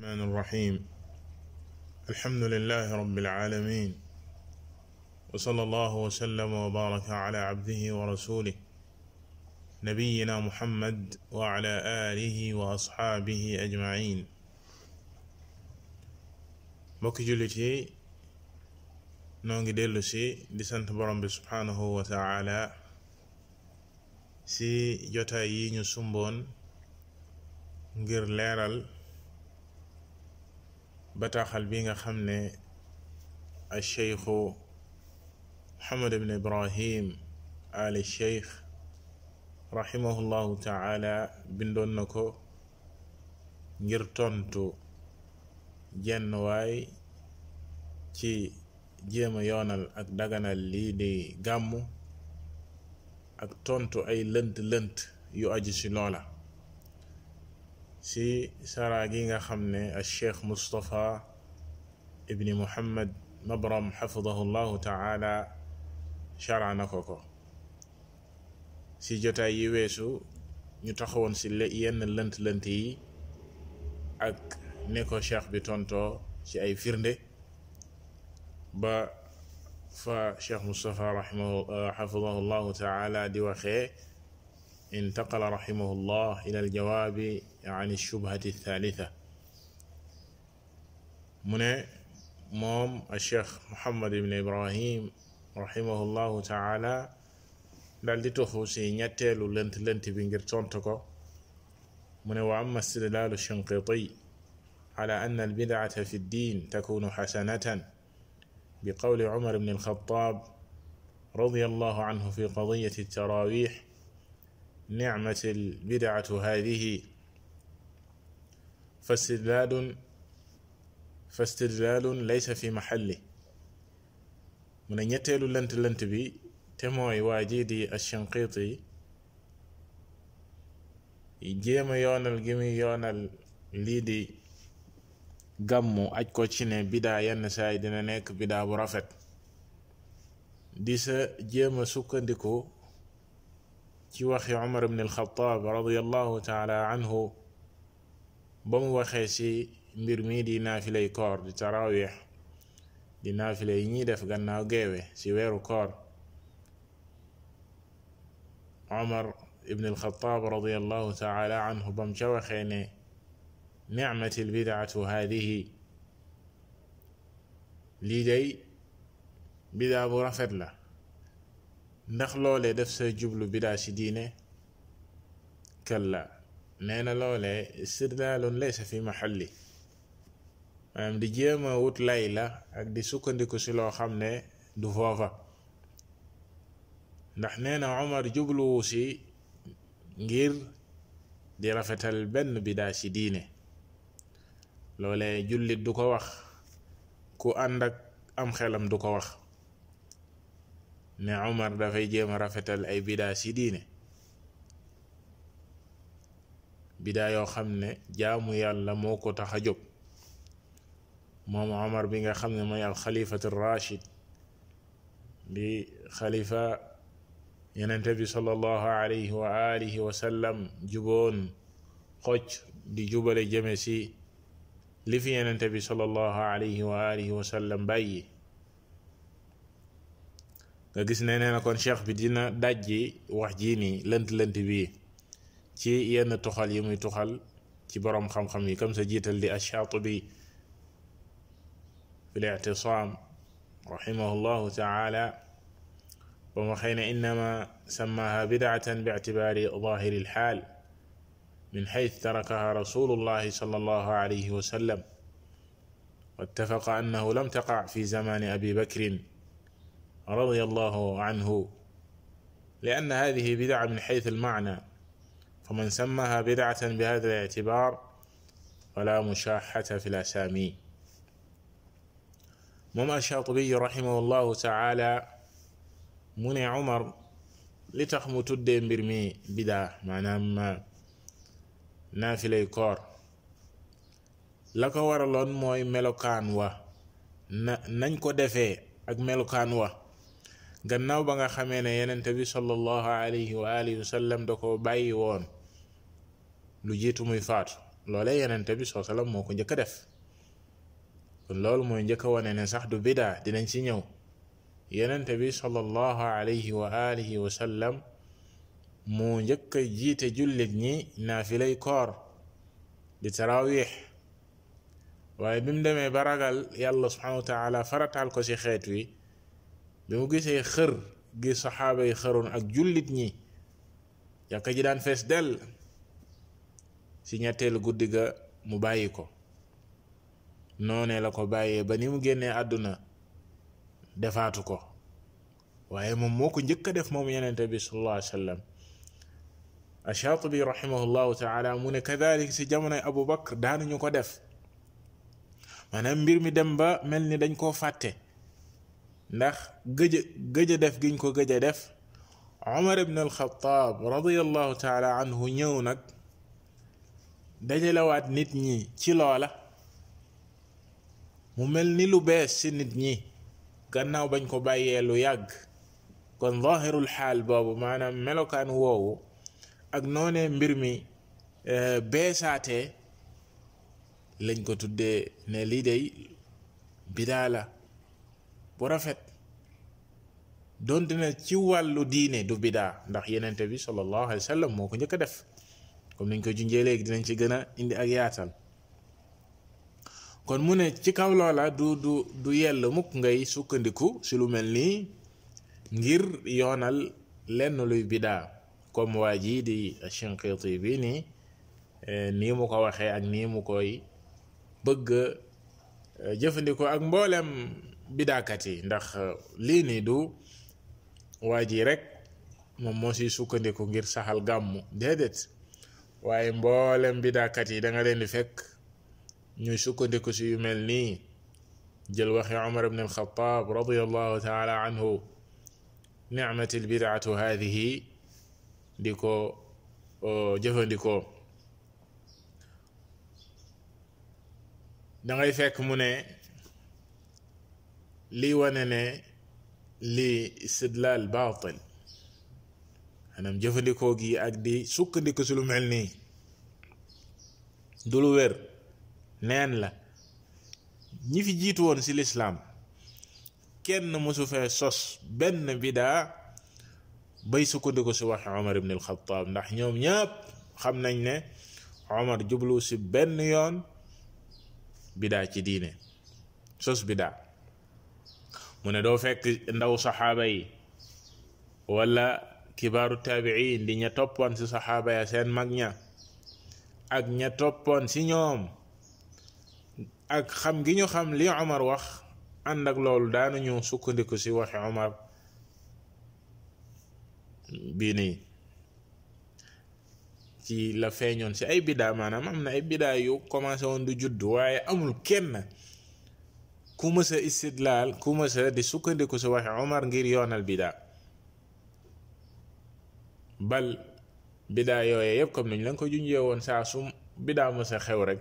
الرحمن الرحيم الحمد لله رب العالمين وصلى الله وسلم وبارك على عبده ورسوله نبينا محمد وعلى آله وأصحابه أجمعين مكجلتي jullit ديلوسي noo ngi dellu si سي sant borom bi subhanahu wa taala bataaxal bi nga xam ne al cheikhu Muhammad ibn Ibrahim ali cheikh rahimahullahu taala bindoon na ko ngir tontu jenn waay ci jéema yoonal ak daganal lii di gàmmu ak tontu ay lënt lënt yu aju ci loola si saraa gi nga xam ne alcheikh mustapha ibni muhammad mabram xafidahu llahu taala chara na ko ko si jotaay yi weesu ñu taxawoon si yenn lënt-lënt yi ak ne ko cheikh bi tontoo ci ay firnde ba fa cheikh mustapha raximahu xafidahu llahu taala di waxee انتقل رحمه الله إلى الجواب عن الشبهة الثالثة من موم الشيخ محمد بن إبراهيم رحمه الله تعالى دل دي تخوسي نتلو لنت لنت بن من وأما استدلال الشنقيطي على أن البدعة في الدين تكون حسنة بقول عمر بن الخطاب رضي الله عنه في قضية التراويح نعمة البدعة هذه فاستدلال فاستدلال ليس في محله mu ne ñetteelu lënt lënt bi te mooy waa jii di Ashinqiiti jéema yoonal gi yoonal lii di gàmmu ak ko ci ne bidaa yenn saay dina nekk bidaa bu rafet di sa jéema sukkandiku كيوخي عمر بن الخطاب رضي الله تعالى عنه بم وخيسي مرمي دي نافلي كور دي تراويح دي نافلي ني دف غناو سي ويرو كور عمر ابن الخطاب رضي الله تعالى عنه بم جوخيني نعمة البدعة هذه لدي بدا برفر ndax loolee def sa jublu bidaa si diine kalla nee na loolee istidlaalun laysa fi maxalli maanaam di jéem a wut lay la ak di sukkandiku si loo xam ne du foofa ndax nee na Omar jubluwu si ngir di rafetal benn bidaa si diine loolee jullit du ko wax ku ànd ak am xelam du ko wax ne Omar da fay jema rafetal ay bida ci diine bida yo xamne jaamu yàlla moko ko tax a Omar bi nga xamne moy al xalifatu rashid bi khalifa yenente bi sallallahu alayhi wa alihi wa sallam jubon xoj di jubale jëme ci li fi yenente bi sallallahu alayhi wa alihi wa sallam baye nga gis ne nee na kon cheikh bi dina dajji wax jii nii lënt lënt bii ci yenn tuxal yi muy tuxal ci borom xam-xam yi comme sa jiital di achaatubi fi lictisaam rahimahu llahu taala ba mu xëy ne innama sammaha bidaatan biictibaari zahiri alxaal min xayt tarakaha rasulu llahi sal allahu alayhi wasallam واتفق أنه لم تقع في زمان أبي بكر رضي الله عنه لأن هذه بدعة من حيث المعنى فمن سماها بدعة بهذا الاعتبار فلا مشاحة في الأسامي مما الشاطبي رحمه الله تعالى منع عمر لتخمت الدين برمي بدعة معنى ما نافل koor لك ورلون مو ملوكان و ننكو دفي اك ملوكان و gannaaw ba nga xamee ne yenente bi sallallahu alayhi wa alihi wasallam da ko bàyyi woon lu jiitu muy faatu loolee yenente bi soo sallam moo ko njëkk def kon loolu mooy njëkk a wane ne sax du bida dinañ ci ñëw yenente bi sallallahu alayhi wa alihi wasallam moo njëkk a jiite jullit ñi naafilay koor di taraawix waaye bi mu demee ba ragal yàlla subhanahu wa taala farataal ko ci xeet wi boo gisee xër gi saxaaba yi xëroon ak jullit ñi jàkka ji daan fees dell si ñetteelu guddi ga mu bàyyi ko noonee la ko bàyyee ba ni mu génnee àdduna defaatu ko waaye moom moo ko njëkk a def moom yenente bi sallallahu alayhi wa sallam achaatibi rahimahullahu taala mu ne kadalik si jamonoy abou bakr daanuñu ko def maanaam mbir mi dem ba mel ni dañ koo fàtte ndax gëj a gëj a def giñ ko gëj def Umar ibn al-Khattab ñëw nag dajalewaat nit ñi ci loola mu mel ni lu bees ci nit ñi gannaaw bañ ko bàyyee lu yàgg kon zaahirul xaal boobu maanaam melokaan woowu ak noonee mbir mi eh, beesaatee lañ ko tuddee ne lii day bidaa la bu rafet doon dina ci wàllu diine du bidaa ndax yenent bi sallallahu alayhi wa sallam moo ko njëkk def comme niñ ko junjee léegi dinañ ci gën a indi ak yaatal kon mu ne ci kaw loola du du yell mukk ngay sukkandiku si lu mel nii ngir yoonal lenn luy bidaa comme waa ji di Shinqiti bi nii eh, nii mu ko waxee ak nii mu koy bëgg jëfëndiko ak mboolem bidaakat yi ndax li ni du waji ji rek moom moo siy sukkandiku ngir saxal gàmmu dedet waye mboolem bidaakat yi da nga leen di fekk ñuy sukkandiku ci yu mel nii jël waxe umar ibn al-Khattab radiyallahu taala anhu ni'mat al-bid'ah hadhihi diko jëfëndiko dangay fekk mu ne lii wane ne lii istidlaal baatil maanaam jëfandikoo gi ak di sukkandiku si lu mel nii du lu wér neen la ñi fi jiitu woon si lislaam kenn mosu fee sos benn bidaa bay sukkandiku si waxi Omar ibn al ndax ñoom ñëpp xam nañ ne Omar jublu si benn yoon bida ci diine sos bida mu ne doo fekk ndaw saxaaba yi wala kibaaru tabiin di ña toppoon si saxaaba ya seen magnya, ña ak ña toppoon si ñoom ak xam gi ñu xam li omar wax ànd ak loolu daanuñu sukkandiku si waxi omar bii nii ci la feeñoon si ay bidaa maanaam am na ay bidaa yu commencé woon du judd waaye amul kenn ku mës a istidlaal ku mës a di sukkandiku sa waxe omar ngir yoonal bidaa bal bidaa yooye yëpp comme niñ la ko junjee woon saa su bidaa mës a xew rek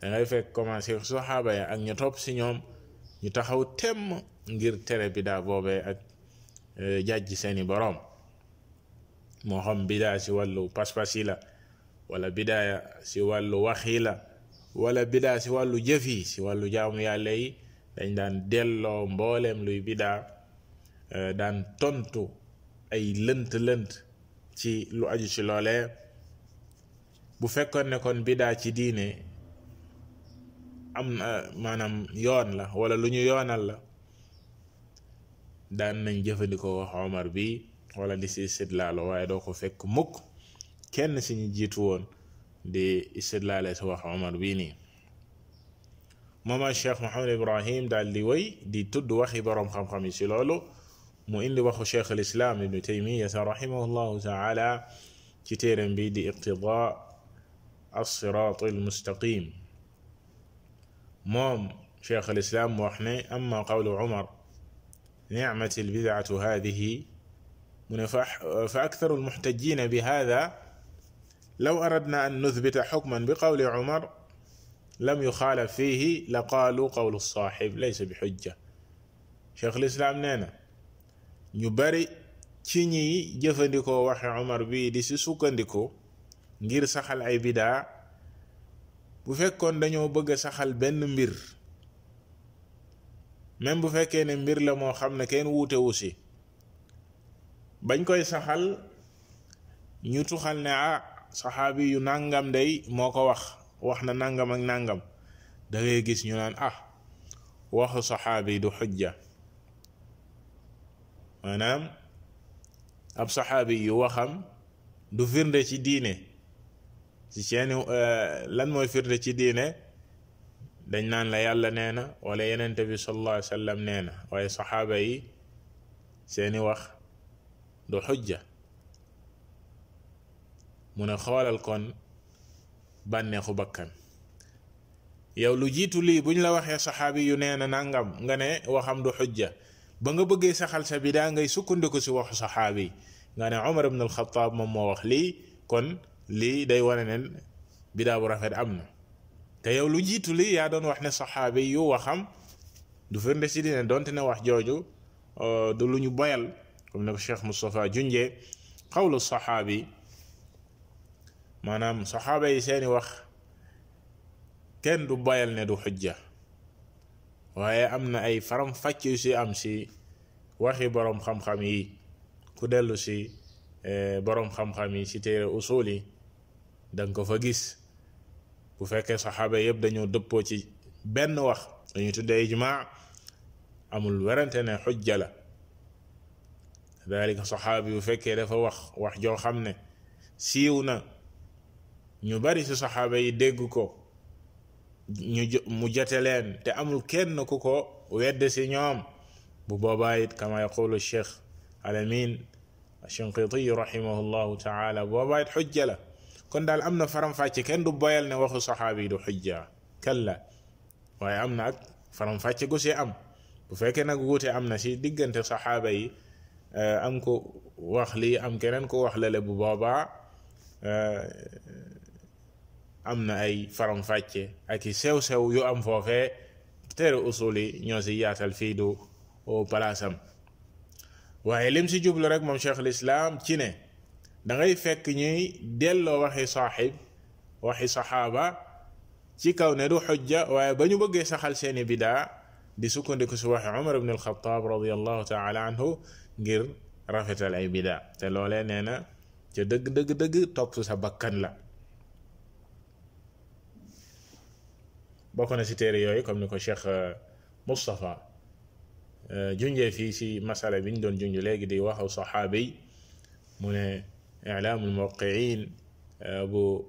da ngay fekk commencé saxaaba ya ak ñu topp si ñoom ñu taxaw temm ngir tere bidaa boobee ak jàjj seeni boroom moo xam bidaa si wàllu pas yi la wala bidaaya si wàllu wax yi la wala bidaa si wàllu jëf yi si wàllu jaamu yàlla yi dañ daan delloo mbooleem luy bidaa eh, daan tontu ay lënt-lënt ci lu aju ci loolee bu fekkoon nekkoon kon bidaa ci diine am na maanaam yoon la wala lu ñu yoonal la daan nañ jëfandikoo wax Omar bi wala di si istidlaalo waye do ko fekk mukk kenn si ñu jitu won di istidlaale si wax omar bi ni mama cheikh mohammed ibrahim dal li way di tudd wax boroom xam-xam ci lolu mu indi waxu cheikh al islam ibnu taymiyata rahimahullahu taala ci terem bi di iqtida al-mustaqim as-sirat الصراط المستقيم موم شيخ الإسلام وحنا أما قول عمر نعمة البدعة هذه فأكثر المحتجين بهذا لو أردنا أن نثبت حكما بقول عمر لم يخالف فيه لقالوا قول الصاحب ليس بحجة شيخ الإسلام نانا نبري كيني جفندكو وحي عمر بي ديسي سوكندكو نجير saxal ay bida bu fekkon dañoo bëgg saxal benn mbir même bu fekkee ne mbir la moo bañ koy saxal ñu tuxal ne ah saxaabi yu nangam day moo ko wax wax na nangam ak nangam da ngay gis ñu naan ah waxu saxaabi du xujja maanaam ab saxaabi yu waxam du firnde ci diine ci seeni lan mooy firnde ci diine dañ naan la yàlla nee na wala yenente bi sallallahu alayhi sallam nee na waaye saxaaba yi seeni wax du xujja mu ne xoolal kon bànneexu bakkan yow lu jiitu lii bu buñ la waxee saxaabi yu nee na nangam nga ne waxam du xujja ba nga bëggee saxal sa bidaa ngay sukkandiku si waxu saxaabi nga ne Umar ibn al moom moo wax lii kon lii day wane ne bidaa bu rafet am na te yow lu jiitu lii yaa doon wax ne saxaabi yu waxam du firnde si dine donte ne wax jooju euh, du lu ñu boyal كما الشيخ مصطفى جنجي قول الصحابي مانام صحابي سيني وخ كن دو بايل ندو حجة وهي أمنا أي فرم فاكيو سي أمسي وخي بروم خم خمي كدلو سي آه، بروم خم خمي سي تير أصولي دنكو فاقيس bu fekke sahaba yeb dañu deppo ci ben wax dañu tudde ijma amul werantene hujja ذلك saxaaba yu fekkee dafa wax wax joo xam ne siiw na ñu bari si saxaaba yi dégg ko ñu mu jote leen te amul kenn ku ko wedd si ñoom bu boobaa it kama yaqulu cheikh alamin الشنقيطي رحمه الله تعالى بوبا حجة له كن دال أمنا فرم فاتي كن دو بويل نوخو صحابي دو حجة كلا واي أمنا فرم فاتي قسي أم bu fekkee nag wuute am na si diggante saxaaba yi am ko wax li am keneen ko wax lele bu boobaa am na ay faram-fàcce ak sew-sew yu am foofee téere usul yi ñoo si yaatal fii du palaasam waaye lim si jublu rek moom cheikh lislaam ci ne da ngay fekk ñuy delloo waxi saaxib waxi saxaaba ci kaw ne du xujja waaye ba ñu bëggee saxal seeni bidaa di sukkandiku si waxi umar ibn alxataab radiallahu taala anhu ngir rafetal ay bidaa te loole nee na ca dëgg dëgg dëgg topp sa bakkan la bokk na ci yooyu comme ni ko Cheikh euh, Moustapha euh, junjee fii ci masala bi ñu doon junj léegi di waxaw saxaabi mu ne ilaamul muwaqqiin euh, bu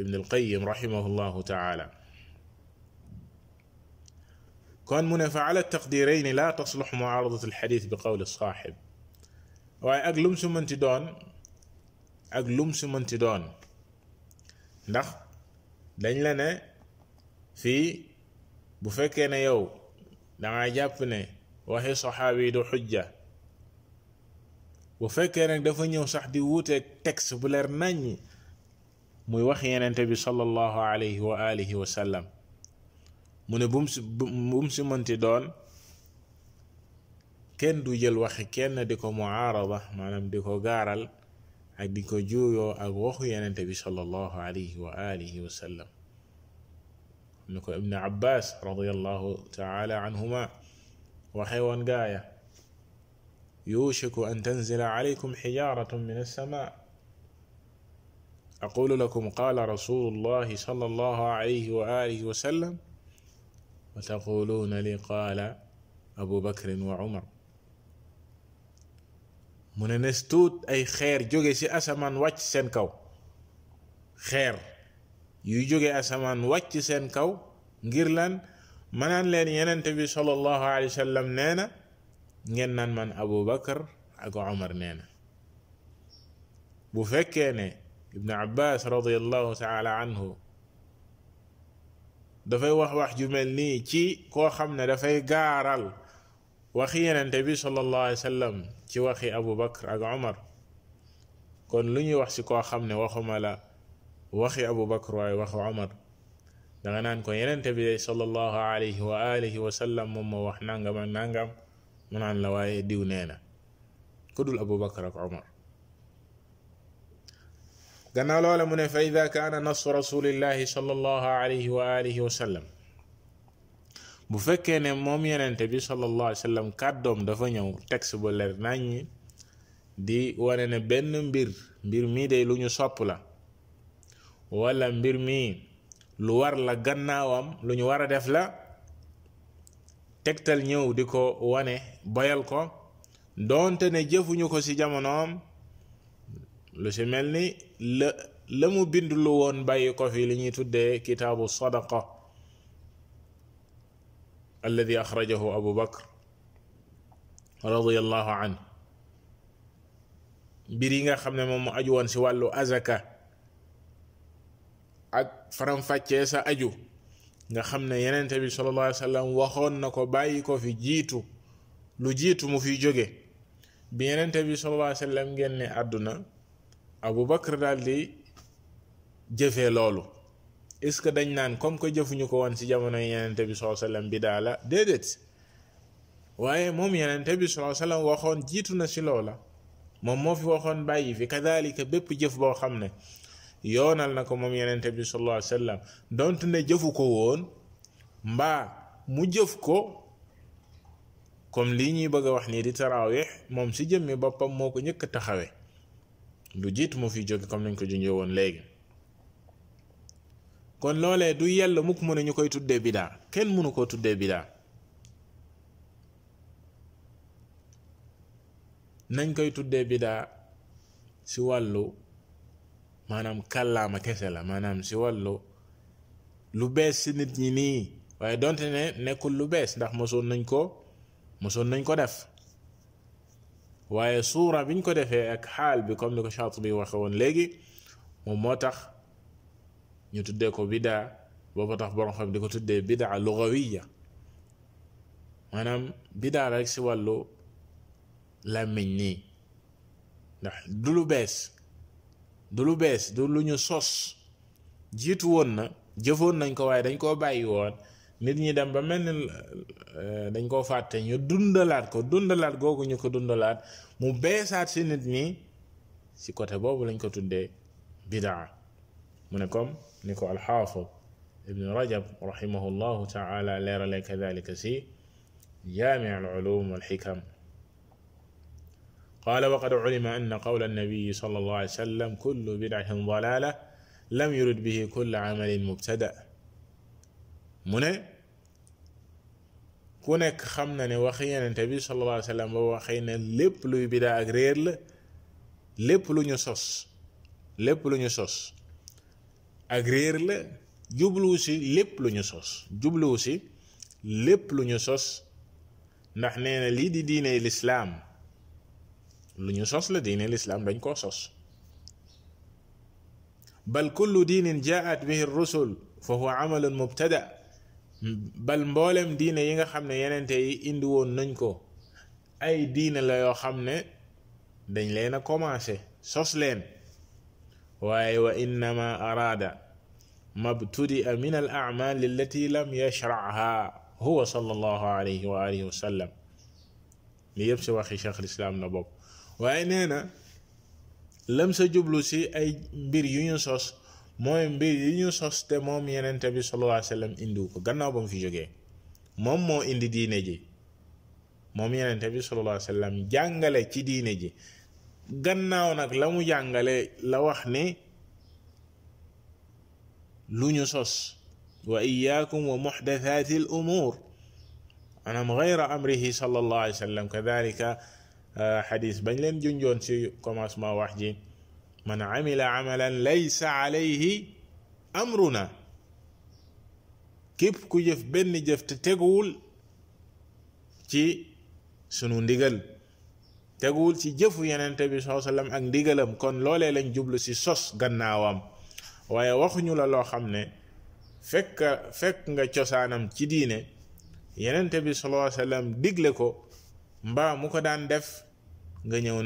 ibn al qayyim rahimahullahu taala كون منافعلة التقديرين لا تصلح معارضة الحديث بقول الصاحب واي اقلم سمن تدون اقلم سمن تدون ندخ لن لنا في بفكنا يو دعا جابنا وهي صحابي دو حجة وفكنا دفن يو صح دي ووتك تكس بلر ناني موي وخي ينتبي صلى الله عليه وآله وسلم وآله وسلم mu ne bum si bum si mënti doon kenn du jël waxi kenn di ko muaraba maanaam di ko gaaral ak di ko juuyoo ak waxu yenente bi sallallahu alayhi wa alihi wa sallam ni ko ibnu abbas radiallahu taala anhuma waxee woon gaaya يوشك أن تنزل عليكم حجارة من السماء أقول لكم قال رسول الله صلى الله عليه وآله وسلم وتقولون لي قال أبو بكر وعمر من نستوت أي خير جوجي سي أسمان واتش سين كو خير يجوجي أسمان واتش سين كو جيرلان من أن لين ينتبه صلى الله عليه وسلم نانا ينن من أبو بكر أكو عمر نانا بفكيني ابن عباس رضي الله تعالى عنه dafay wax wax ju mel nii ci koo xam ne dafay gaaral waxi yenente bi sallallahu alayhi wasallam ci waxi abu bakr ak omar kon lu ñuy wax ci koo xam ne waxuma la waxi abu bakr waaye waxu omar danga naan ko yenente bi sallallahu alayhi wa alihi wasallam moom moo wax nangam ak nangam mu naan la waaye diw nee na ku dul bakr ak omar gannaaw loola mu ne fa ida kaana nasu rasulillahi sallallahu alayhi wa alihi wa bu fekkee ne moom yenente bi sallallahu alayhi wa sallam kàddoom dafa ñëw texte bu leer nañ di wane ne benn mbir mbir mii day lu ñu sopp la wala mbir mii lu war la gannaawam lu ñu war a def la tegtal ñëw di ko wane boyal ko doonte ne jëfuñu ko ci jamonoom lu ci mel ni la la mu bind lu woon bàyyi ko fi li ñuy tuddee kitaabu sadaqa alladi axrajahu abu bakr mbir yi nga xam ne moom mu aju woon ci wàllu azaka ak faram sa aju nga xam ne yenente bi sallallahu waxoon na ko bàyyi ko fi jiitu lu jiitu mu fiy jóge bi yenente bi sallallahu alayhi wa sallam àdduna Aboubacar daal di jëfe loolu est-ce que dañ naan comme que jëfuñu ko woon ci jamono yenente bi sallallahu alayhi bi daa la déedéet waaye moom yenente bi sallallahu waxoon jiitu na ci loola moom moo fi waxoon bàyyi fi kadalika bépp jëf boo xam ne yoonal na ko moom yenente bi sallallahu alayhi dont ne jëfu ko woon mbaa mu jëf ko comme lii ñuy bëgg a wax nii di taraawix moom si jëmmi boppam moo ko njëkk a taxawee lu jiitu mu fi jóge comme nañ ko junjee woon léegi kon loole du yell mukk mu a ñu koy tuddee bidaa kenn mënu koo tuddee bidaa nañ koy tuddee bidaa si wàllu maanaam kàllaama kese la maanaam si wàllu lu bees si nit ñi nii waaye donte ne nekkul lu bees ndax mosoon nañ ko mosoon nañ ko def waaye suura ñu ko defee ak xaal bi comme ni ko Shaatibi waxe woon léegi moom moo tax ñu tuddee ko bidaa booba tax borom xam di ko tuddee bidaa lugawiya maanaam bidaa rek si wàllu làmmiñ nii ndax du lu bees du lu bees du lu ñu sos jiitu woon na jëfoon nañ ko waaye dañ koo bàyyi woon nit ñi dem ba mel ni dañ koo fàtte ñu dundalaat ko dundalaat googu ñu ko dundalaat mu beesaat si nit ñi si côté boobu lañ ko tuddee bidaa mu ne comme ni ko alxaafid ibnu rajab rahimahullahu taala leerale kadalika si jaami alulum walxikam قال وقد علم أن قول النبي صلى الله عليه وسلم كل بدعة ضلالة لم يرد به كل عمل مبتدأ من ku nekk xam na ne wax yenente bi sallallahu alayhi wasallam ba waxee ne lépp luy bidaa ak réer la lépp lu ñu sos lépp lu ñu sos ak réer la jubluwu si lépp lu ñu sos jubluwu si lépp lu ñu sos ndax nee na lii di diine lislaam lu ñu sos la diine lislaam dañ koo sos bal kullu diinin jaat bihi rusul fa huwa amalun mubtada' bal mbollem diine yi nga xamne ne yenente yi indi won nañ ko ay diine la yo xamne dañ leena commencer sos leen waaye wa inna ma arada mabtudi min al amal allati lam yashraha huwa sallallahu alayhi wa alihi wa sallam li yëpp si waxi cheikh al islam na bob nee neena lam sa jublu ci ay mbir yu ñu sos mooy mbir yi ñu sos te moom yenente bi sallallahu alayhi wasallam indiw ko gannaaw ba mu fi jógee moom moo indi diine ji moom yenente bi sallallahu alayhi wasallam jàngale ci diine ji gannaaw nag la mu jàngale la wax ne lu ñu sos wa iyaakum wa muhdathati al umur anam ghayra amrihi sallallahu alayhi wasallam kadhalika hadith bañ leen junjoon ci commencement wax ji من عمل عملا ليس عليه امرنا كيف كيف بن جف تقول تي سنو ديغل تقول تي جف يننت بي صلى الله عليه وسلم اك ديغلم كون لولاي لا نجبلو سي سوس غناوام واي واخنيو لا لو خامني فك فك nga ciosanam ci dine yenente bi sallallahu alayhi wasallam digle ko mba mu ko dan def nga ñew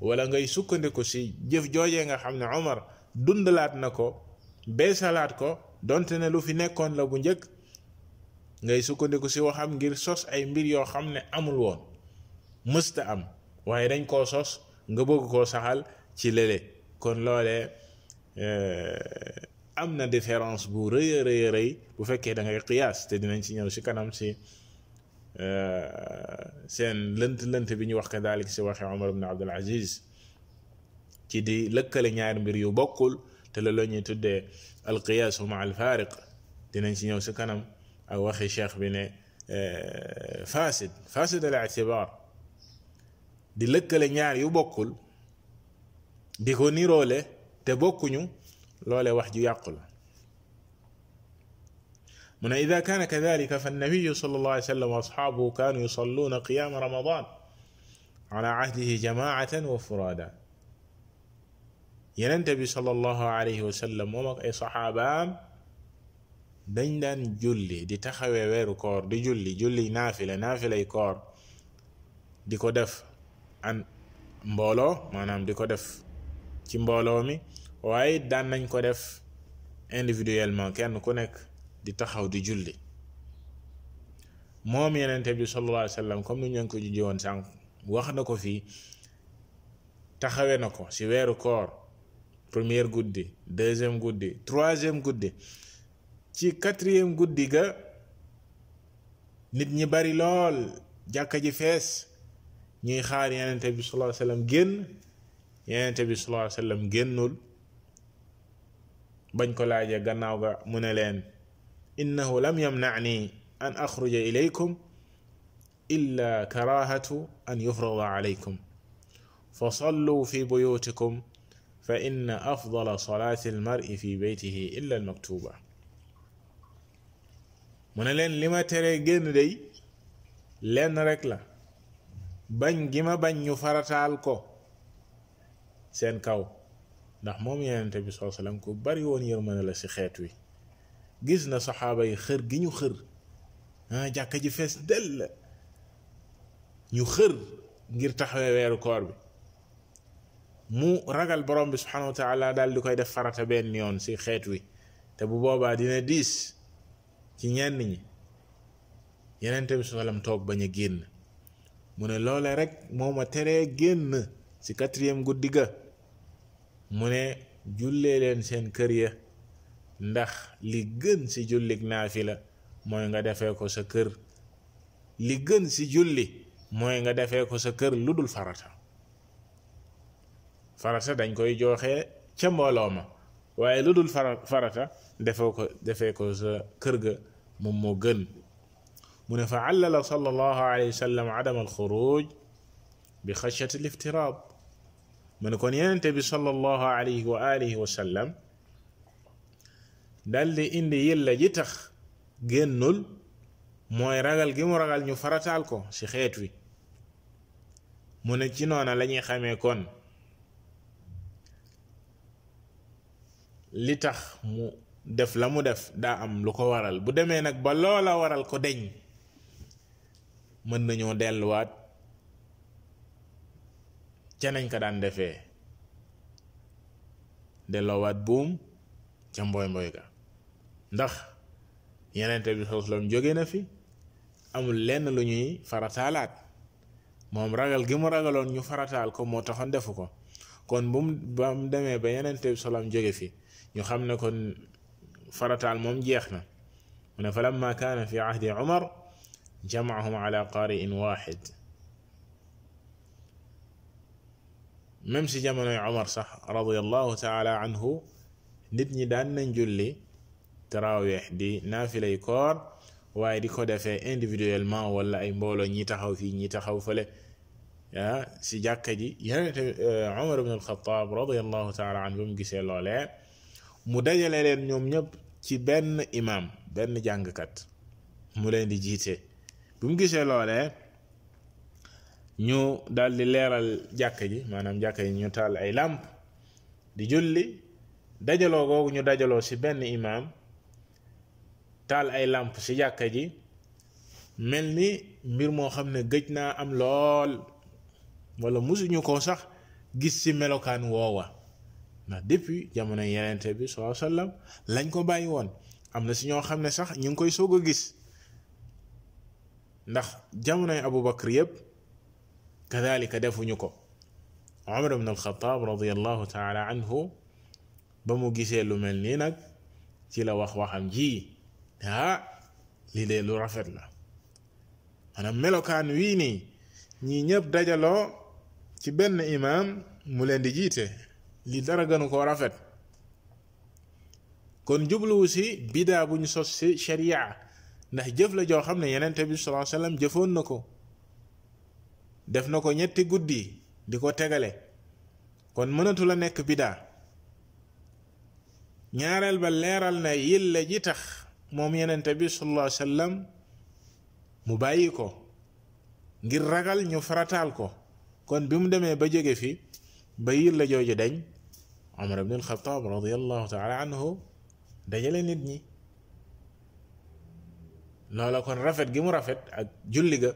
wala ngay sukkandiku si jëf joojee nga xam ne Omar dundalaat na ko beesalaat ko donte ne lu fi nekkoon la bu njëkk ngay sukkandiku si waxam ngir sos ay mbir yoo xam ne amul woon mësta am waaye dañ koo sos nga bëgg koo saxal ci lële kon loolee eh, am na différence bu rëy a rëy bu fekkee da ngay qiyaas te dinañ si ñëw si kanam si آه، سين لنت لنت بيني وقت ذلك سواخي عمر بن عبد العزيز كدي لك لنيار مريو بقول تلوني تد القياس مع الفارق دينشني وسكنم أو أخي شيخ بن آه، فاسد فاسد الاعتبار دي لك لنيار يبقول ديكو نيرو له تبقو نيو لولي واحد يقول من إذا كان كذلك فالنبي صلى الله عليه وسلم وأصحابه كانوا يصلون قيام رمضان على عهده جماعة وفرادا ينتبه صلى الله عليه وسلم ومقع إيه صحابان دندن جلي دي تخوي وير كور دي جلي جلي نافلة نافلة كور دي كدف عن mbooloo maanaam di ko def ci mbooloo mi waaye daan nañ ko def individuellement kenn ku nekk di taxaw di julli moom yenente bi sallallahu alayhi wasallam comme ni ñu ko jujje woon sànq wax na ko fii taxawe na ko si weeru koor première guddi deuxième guddi troisième guddi ci quatrième guddi ga nit ñi bari lool jàkka ji fees ñuy xaar yenente bi sallallahu alayhi wasallam génn yenente bi sallallahu alayhi wasallam génnul bañ ko laaje gannaaw ga mu ne leen إنه لم يمنعني أن أخرج إليكم إلا كراهة أن يفرض عليكم فصلوا في بيوتكم فإن أفضل صلاة المرء في بيته إلا المكتوبة من لين لما ترى جن دي لين ركلا بن جما بن يفرط عالكو سين كاو نحمومي أنت بسوا سلامكو بريون يرمان لسي خيتوي gis na saxaaba yi xër gi ñu xër ah jàkka ji fees dell ñu xër ngir taxawee weeru koor bi mu ragal borom bi subhanahu wa taala daal di koy def farata benn yoon si xeet wi te bu boobaa dina diis ci ñenn ñi yenente bi salam toog bañ a génn mu ne loole rek moo ma teree génn si quatrième guddi ga mu ne jullee leen seen kër ya ndax li gën ci jullik naafila mooy nga defee ko sa kër li gën ci julli mooy nga defee ko sa kër lu dul farata farata dañ koy joxe ca mbooloo ma waaye lu dul farata defee ko defee ko sa kër ga moom moo gën mu ne fa allala sallallahu alayhi wa sallam adam alxuruj bi xashyati aliftirab mu ne kon yenente bi sallallahu alayhi wa alihi wa sallam dal di indi yëlla ji tax génnul mooy ragal gi mu ragal ñu farataal ko ci xeet wi mu ne ci noona lañuy xamee kon li tax mu def la mu def daa am lu ko waral bu demee nag ba loola waral ko deñ mën nañoo delluwaat ca nañ ko daan defee delloowaat buum ca mboy mboy ga ndax yenente bi sallallahu alayhi jóge na fi amul lenn lu ñuy farataalaat moom ragal gi mu ragaloon ñu farataal ko moo taxoon defu ko kon bu mu ba mu demee ba yenente bi salaam jóge fi ñu xam ne kon farataal moom jeex na mu ne falamma kaana fi ahdi umar jamahum ala qari'in wahid même si jamonoy umar sax radiallahu taala anhu nit ñi daan nañ julli tarawih di naafilay koor waaye di ko defee individuellement wala ay mbooloo ñi taxaw fii ñi taxaw fële ah si jàkka ji yeneen tamit Umar ibn al-Khattab radiyallahu taala an ba mu gisee loolee mu dajale leen ñoom ñëpp ci benn imam benn jàngkat mu leen di jiite bu mu gisee loolee ñu daal di leeral jàkka ji maanaam jàkka ji ñu taal ay làmp di julli dajaloo googu ñu dajaloo si benn imam taal ay làmp ci jàkka ji mel ni mbir moo xam ne gëj naa am lool wala musuñu ko sax gis ci melokaan woowa ndax depuis jamono yenente bi saa sallam lañ ko bàyyi woon am na si ñoo xam ne sax ñu ngi koy soog a gis ndax jamono jamonoy abubakar yépp kadalika defuñu ko umar ibn alxataab radiallahu taala anhu ba mu gisee lu mel nii nag ci la wax waxam ji ah lii de lu rafet la a melokaan wii nii ñii ñépp dajaloo ci benn imaam mu leen di jiite lii dara gënu koo rafet kon jubluwu si biddaa bu ñu sos si sharia ndax jëf la joo xam ne yenente bi sallallahu alayhi jëfoon na ko def na ko ñetti guddi di ko tegale kon mënatul a nekk bidaa ñaareel ba leeral na yilla ji tax moom yenente bi sallallahu alayhi wasallam mu bàyyi ngir ragal ñu farataal ko kon bi mu demee ba jóge fi ba yir la jooju dañ umar ibn al-khattab radiyallahu ta'ala anhu dajale nit ñi loola kon rafet gi mu rafet ak julli ga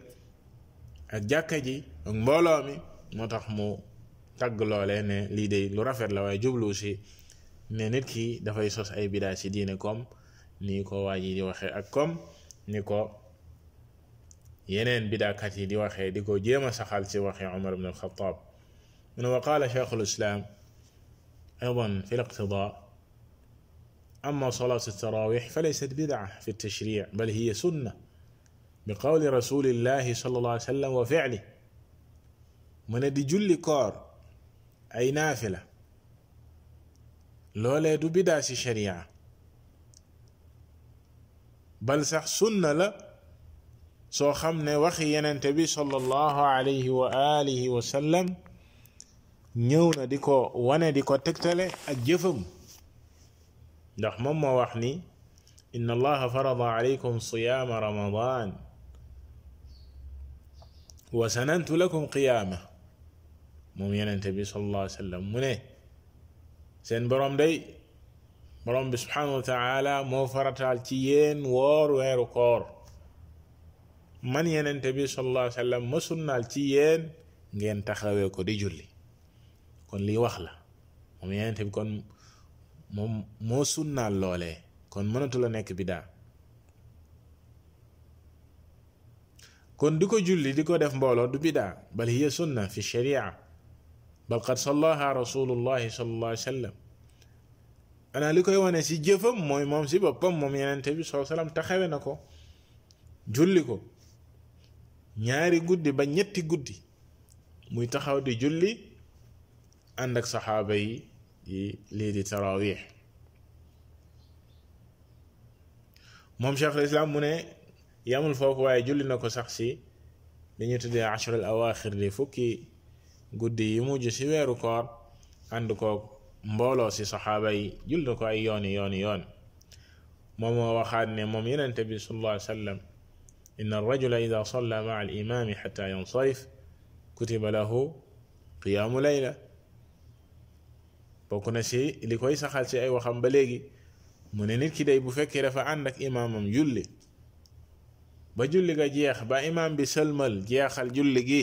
ak jàkka ji ak mbooloo mi moo tax mu tagg loolee ne lii de lu rafet la waaye jublu si ne nit ki dafay sos ay bidaa si diine comme ni ko waaji di waxee ak comme ni ko yeneen bidaakat yi di waxee di ko jéem a saxal ci waxee Umar ibn al-Khattab mu ne wa qaala cheikhul islaam أيضا في الاقتضاء أما صلاة التراويح فليست بدعة في التشريع بل هي سنة بقول رسول الله صلى الله عليه وسلم وفعله من دي جل كار أي نافلة لولا دو بدعة شريعة بل سح سنة لا سو خمنا وخي ينتبي صلى الله عليه وآله وسلم نيونا ديكو وانا ديكو تكتلي أجفم دخ مما وحني إن الله فرض عليكم صيام رمضان وسننت لكم قيامة مم ينتبي صلى الله عليه وسلم منه سن برام دي borom bi subhanahu wa taala moo farataal ci yéen woor weeru koor man yenente bi sallallahu alayhi wa sallam ma sunnaal ci yéen ngeen taxawee ko di julli kon lii wax la moom yenente bi kon moom moo sunnaal loolee kon mënatu la nekk bidaa kon di ko julli di ko def mbooloo du bidaa bal hiya sunna fi sharia bal qad sallaha rasulullahi sallallahu alayhi wa sallam ana li koy wane si jëfam mooy moom si boppam moom yenente bi soo salaam taxawe na ko julli ko ñaari guddi ba ñetti guddi muy taxaw di julli ànd ak saxaaba yi yi lii di tarawih moom cheikh lislaam mu ne yamul foofu waaye julli na ko sax si li ñu tuddee ashral awaaxir di fukki guddi yi mujj si weeru koor ànd kook mbooloo si saxaaba yi julli ko ay yooni yooni yoon moom moo waxaat ne moom yenente bi sallallahu alayhi wa sallam inna arrajula ida salla maa al imaami xata yansarif kutiba lahu qiyaamu layla bokk na si li koy saxal si ay waxam ba léegi mu ne nit ki day bu fekkee dafa ànd ak imaamam julli ba julli ga jeex ba imaam bi sëlmal jeexal julli gi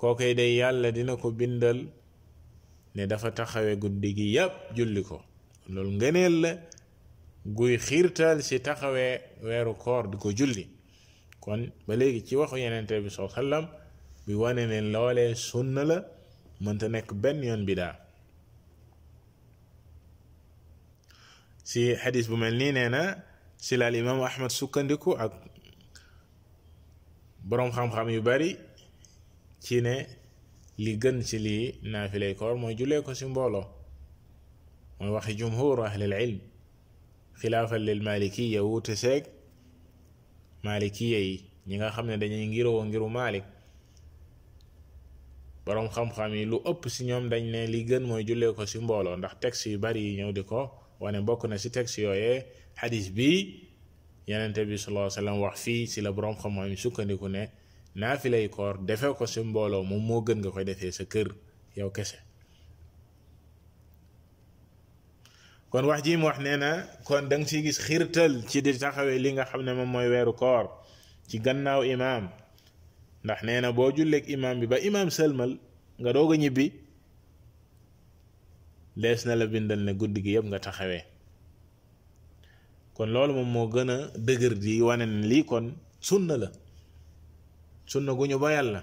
kookay day yàlla dina ko bindal ne dafa taxawe guddi gi yàpp julli ko loolu ngëneel la guy xiirtal ci taxawee weeru koor di ko julli kon ba léegi ci waxu yenente bi soo sallam bi wane ne loolee sunna la mënta nekk benn yoon bidaa si xadis bu mel nii nee na si laal imaamu ahmad sukkandiku ak boroom xam-xam yu bari ci ne li gën ci lii naafilay koor mooy julee ko ci mbooloo mooy waxi jumhur al ilm xilaafan lil malikiya wuute seeg malikiya yi ñi nga xam ne dañuy ngiroo ngiru malik borom xam-xam yi lu ëpp ci ñoom dañ ne li gën mooy jullee ko ci mbooloo ndax texte yu bari yi ñëw di ko wane bokk na ci texte yooyee xadis bi yenente bi sallallahu alayhi wa sallam wax fii ci la borom xam-xam yi sukkandiku ne naa naafilay koor defe ko si mbooloo moom moo gën nga koy defee sa kër yow kese kon wax ji mu wax nee na kon danga nga siy gis xiirtal ci di taxawee li nga xam ne moom mooy weeru koor ci gannaaw imaam ndax nee na boo julleeg imaam bi ba imaam sëlmal nga doog a ñibbi des na la bindal ne guddi gi yëpp nga taxawee kon loolu moom moo gën a dëgër di wane ne lii kon sunna la sunna guñu ba yàlla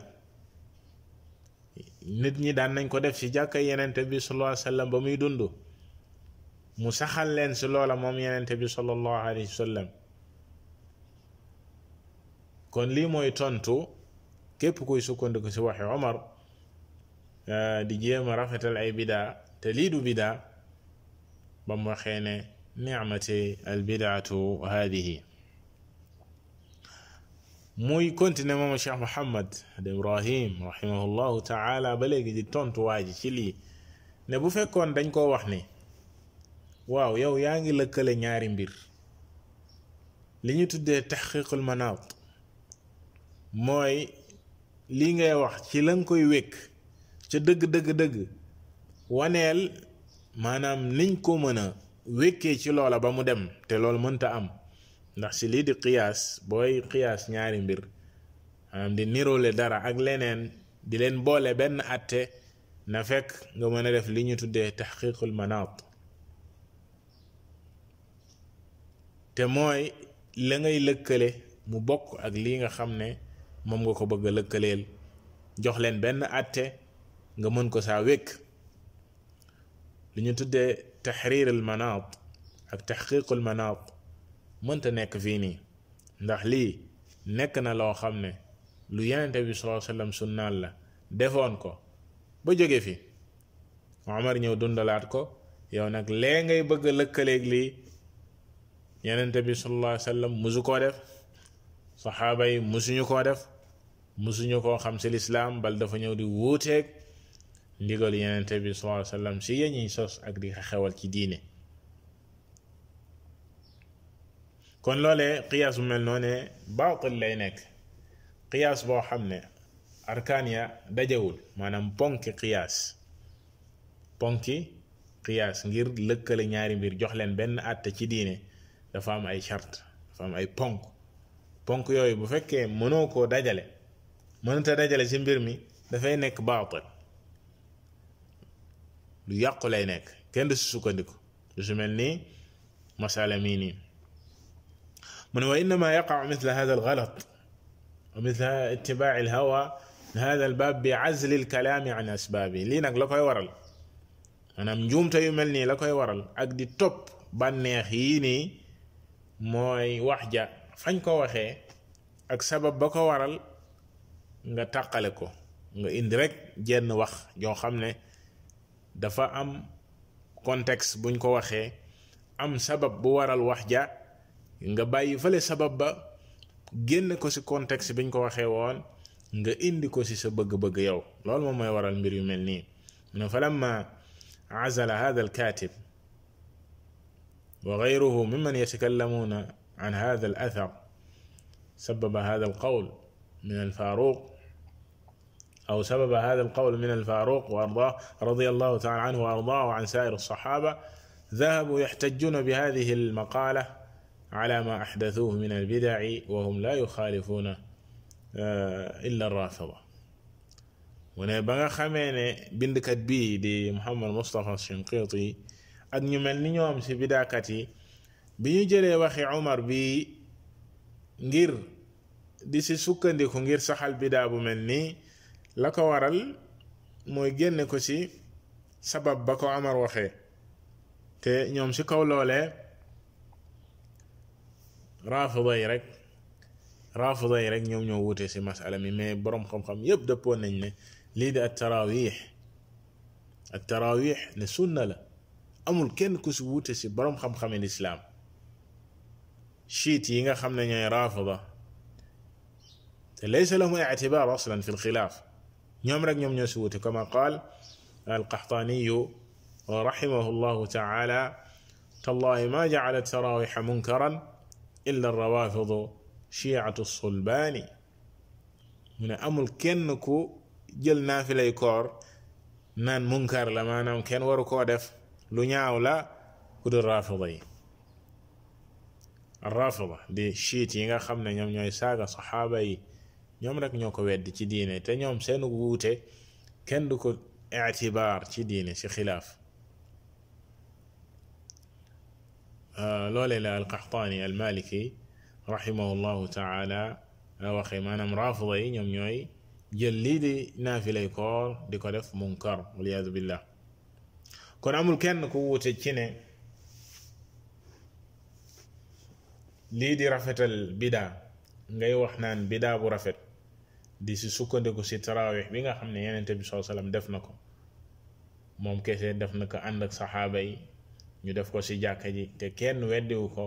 nit ñi daan nañ ko def ci jàkka yenente bi sallallahu alayhi wa sallam ba muy dund mu saxal leen si loola moom yenente bi sallallahu alayhi wa sallam kon lii mooy tontu képp kuy sukkandiku si waxi Omar di jéem a rafetal ay bidaa te lii du bidaa ba mu waxee ne nicmati albidaatu haadihi muy continuer moom cheikh mohammad ibrahim rahimahullahu taala ba léegi di tontu waa ji ci lii ne bu fekkoon dañ koo wax ni waaw yow yaa ngi lëkkale ñaari mbir li ñu tuddee taxqiqul manaat mooy lii ngay wax ci la nga koy wékk ca dëgg dëgg dëgg waneel maanaam niñ ko mën a wékkee ci loola ba mu dem te loolu mënta am ndax si lii di qiyaas booy qiyaas ñaari mbir maanaam di niroole dara ak leneen di leen boole benn atte na fekk nga mën a def li ñu tuddee taxqiqul manaat te mooy la ngay lëkkale mu bokk ak lii nga xam ne moom nga ko bëgg a lëkkaleel jox leen benn atte nga mën ko saa wékk li ñu tuddee taxriirul manaat ak taxqiqul manaat mënta nekk fii nii ndax lii nekk na loo xam ne lu yenente bi sallallahu alayhi wasallam sunnaal la defoon ko ba jóge fi Omar ñëw dundalaat ko yow nag lee ngay bëgg a lëkkaleeg lii yenent bi sallallahu alayhi wasallam musu koo def saxaaba yi musuñu koo def musuñu koo xam si lislaam bal dafa ñëw di wuuteeg ndigal yenente bi sallallahu alayhi wasallam si yeñuy sos ak di xewal ci diine كون لولي قياس مل نوني باطل لي نيك قياس بو خامني اركانيا داجاول مانام بونكي قياس بونكي قياس غير لكل نياري مير جوخ لين بن اتا سي دينه دا فام اي شارت فام اي بونك بونك يوي بو فكه مونوكو داجالي مونتا داجالي سي مير مي دا فاي نيك باطل لو يقول لي نيك كين دسوكانديكو جو ملني مسالميني من وإنما يقع مثل هذا الغلط ومثل اتباع الهوى هذا الباب بعزل الكلام عن أسبابه لينك لكوي ورل أنا مجوم تيملني لكوي ورل أكدي توب بنيخيني موي وحجة فنكو وخي أك سبب بك ورل ko waral nga tàqale ko nga indi rek jenn wax joo xam ne dafa am contexte buñ ko waxee am sabab bu waral wax ja nga bàyyi fale sabab ba génn ko si contexte biñ ko waxee woon nga indi ko si sa bëgg-bëgg yow loolu moom mooy waral mbir yu mel nii mu ne falamma عزل هذا الكاتب وغيره ممن يتكلمون عن هذا الأثر سبب هذا القول من الفاروق أو سبب هذا القول من الفاروق وأرضاه رضي الله تعالى عنه وأرضاه وعن سائر الصحابة ذهبوا يحتجون بهذه المقالة على ما أحدثوه من البدع وهم لا يخالفون آه، إلا الرافضة وانا باغا خاميني بند كات بي دي محمد مصطفى الشنقيطي اد ني مل نيوم سي بداكتي كاتي بي ني عمر بي غير دي سي سوكاندي كو غير سخال بدا بو ملني لاكو وارال موي ген كو سي سبب بكو عمر وخي تي نيوم سي كو لوله rafida yi rek rafida yi rek ñoom ñoo wutee si masala mi mais borom xam-xam yëpp dëppoon nañ ne lii di at tarawih at tarawih ne sunna la amul kenn ku si wuute si borom xam-xami lislaam chiit yi nga xam ne ñooy rafida te laysa lahum ictibar aslan fi lxilaaf ñoom rek ñoom ñoo si wuute kama qaal alqaxtaaniyu raximahu llahu taala tallahi ma jacalat tarawih munkaran إلا الروافض شيعة الصلباني من أمل كنكو جل نافلة يكور نان منكر لما نام كن وركو دف لنياو لا كد الرافضي الرافضة دي شيت ينغا خمنا نيوم نيوي ساقا صحابي نيوم رك نيوك ويد تي ديني تي نيوم كن دوكو اعتبار تي ديني آه، لوليلا القحطاني المالكي رحمه الله تعالى آه، واخي مانام رافضي نيوم نيوي جليدي نافي لي كور ديكو ديف منكر ولياذ بالله كون امول كين كو تشيني لي دي رافتال بيدا غاي واخ نان بيدا بو رافت دي سي سوكانديكو سي تراويح بيغا خامني يننتي بي صلى الله عليه وسلم ديف نكو موم كيسه ديف نكو اندك صحابه ñu def ko ci jàkka ji te kenn weddiwu ko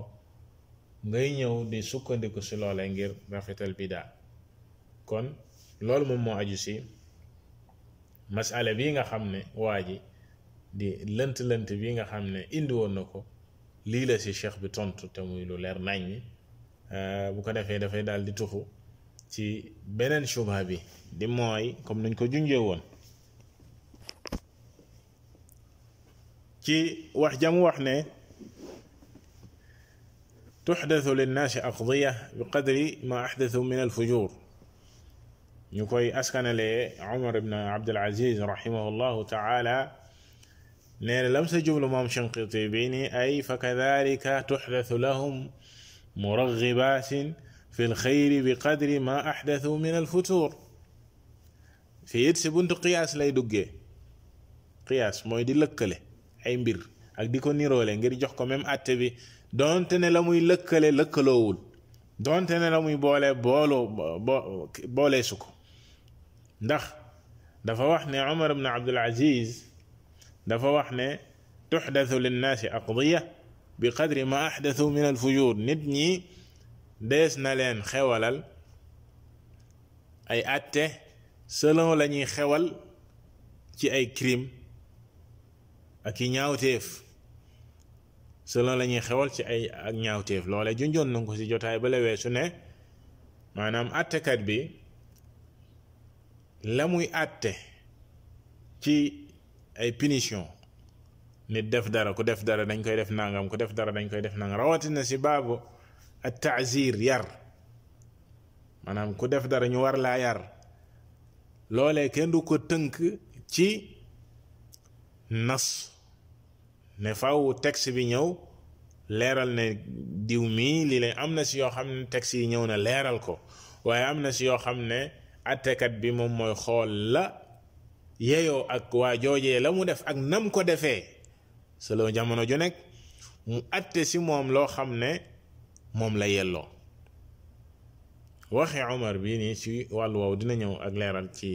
ngay ñëw di sukkandiku ci loolee ngir rafetal bidaa kon loolu moom moo aju ci masala bii nga xam ne waa ji di lënt lënt bi nga xam ne indiwoon na ko lii la ci cheikh bi tontu te muy lu leer nañ mi euh, bu ko defee dafay daal di tuxu ci beneen shubha bi di mooy comme nuñ ko junjee woon ci wax jamu wax ne tuxdathu linnaasi aqdiya bi qadri ma axdathu min alfujur ñu koy askanalee Umar ibn Abdul Aziz rahimahullahu taala nee na lam sa jublu moom Shinqiti bi ni ay fa kadalika tuxdathu lahum muraghibaatin fi lxayri bi qadri ma axdathu min alfutur fii it si buntu qiyaas lay duggee qiyaas mooy di lëkkale ay mbir ak diko ko niroole ngir jox ko même atte bi donte ne lamuy muy lëkkale lëkkaloowul donte ne lamuy bolé bolo bolé suko ndax dafa wax ne umar ibn abdul aziz dafa wax ne tuhdathu lin nas aqdiya bi qadri ma ahdathu min alfujur nit ñi des na len xewalal ay atte selon lañuy xewal ci ay crime ak i ñaawteef selon la ñuy xewal ci ay ak ñaawteef loola junjoon nañ ko si jotaay ba la weesu ne maanaam attekat bi la muy atte ci ay punition nit def dara ku def dara dañ koy def nangam ku def dara dañ koy def nangam rawatina si baabu at taazir yar maanaam ku def dara ñu war laa yar loolee kenn du ko tënk ci nas ne faaw texte bi ñëw leral ne diw mi li lay amna ci yo xamne texte yi ñëw na leral ko waye amna ci yo xamne xam ne bi mom moy xol la yeyo ak wa jojé la mu def ak nam ko defé solo jamono ju nek mu atte ci mom lo xamne mom la yello waxe umar bi ni ci wàllu waw dina ñëw ak leral ci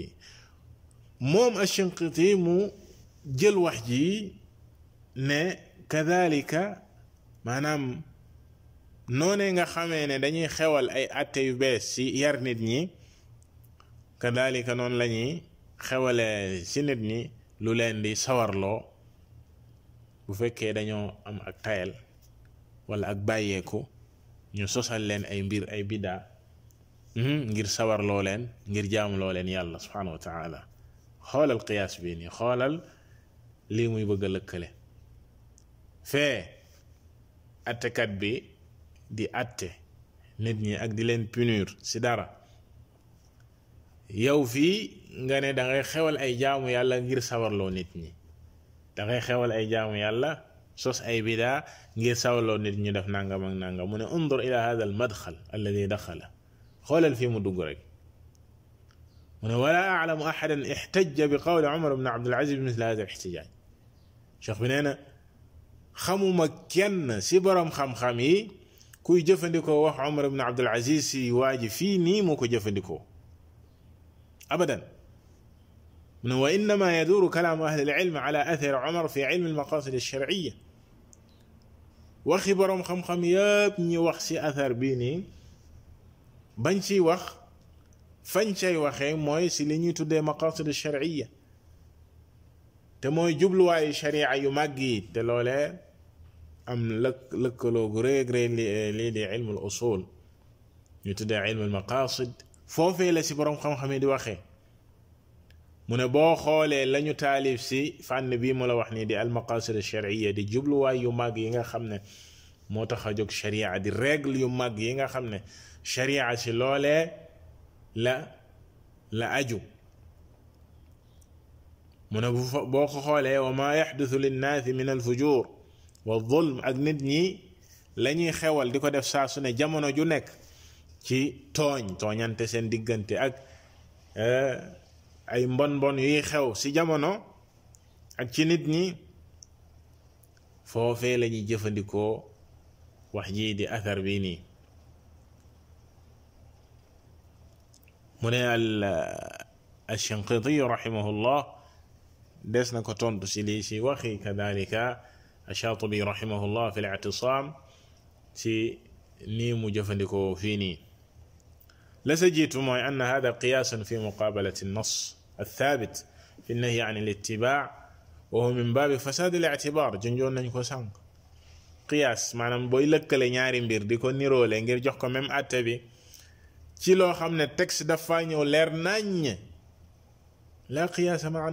mom Ashinqiti mu jël wax ji ne kadalika maanaam noonee nga xamee ne dañuy xewal ay àtte yu bees ci yar nit ñi kadalika noon la ñuy xewalee ci nit ñi lu leen di sawarloo bu fekkee dañoo am ak tayal wala ak bàyyeeku ñu sosal leen ay mbir ay bidaa mhm, ngir sawarloo leen ngir jaamuloo leen yàlla subhanahu wa taala xoolal qiyaas bii nii xoolal lii muy bëgg a lëkkale fe atté kat bi di atte nit ñi ak di leen punir ci dara yow fi nga ne da ngay xewal ay jaamu yàlla ngir sawarloo nit ñi da ngay xewal ay jaamu yàlla sos ay bidaa ngir sawarloo nit ñi def nangam ak nangam mu ne undur ila hada al madxal alladi daxala xoolal fi mu dugg rek mu ne wala aclamu axadan ixtaja bi qawli cumar bn abdulaziz misla hada al ixtijaaj cheikh bi nee na xamuma kenn si borom xam-xam yi kuy jëfandikoo wax omar ibn abdul aziz si waa ji fii nii moo ko jëfandikoo abadan من وإنما يدور كلام أهل العلم على أثر عمر xam علم المقاصد الشرعية وخبرهم خمخم ياب ني وخ سي أثر بيني بنشي وخ فنشي وخي موي سي لي تودي مقاصد الشرعية te mooy jubluwaayu sharia yu màgg yi te loolee am lëkk lëkkaloo gu rëy ak rëy lii di ilmu al usul ñu tuddee ilmu al maqasid foofee la si borom xam-xam yi di waxee mu ne boo xoolee lañu taalif si fànn bii mu la wax nii di al maqasid al sharia di jubluwaay yu màgg yi nga xam ne moo tax a jóg sharia di règle yu mag yi nga xam ne sharia si loolee la la aju mu ne boo ko xoolee wa ma yaxdusu linnaasi min al fujur wa zulm ak nit ñi lañuy xewal diko def sa su ne jamono ju nek ci togn tooñante sen digënté ak euh ay mbon mbon yi xew ci jamono ak ci nit ñi foofee lañuy jëfëndiko wax ji di athar bii nii ash ne rahimahullah desna ko tontu ci li ci waxi kadalika الشاطبي رحمه الله في الاعتصام في نيم جفندكو فيني لسجيت معي أن هذا قياس في مقابلة النص الثابت في النهي عن الاتباع وهو من باب فساد الاعتبار جنجون نكو سانك قياس معنام بوي لك ñaari mbir diko nirole ngir jox ko même atté bi ci lo xamne texte dafa ñew leer nañ la qiyas ma'a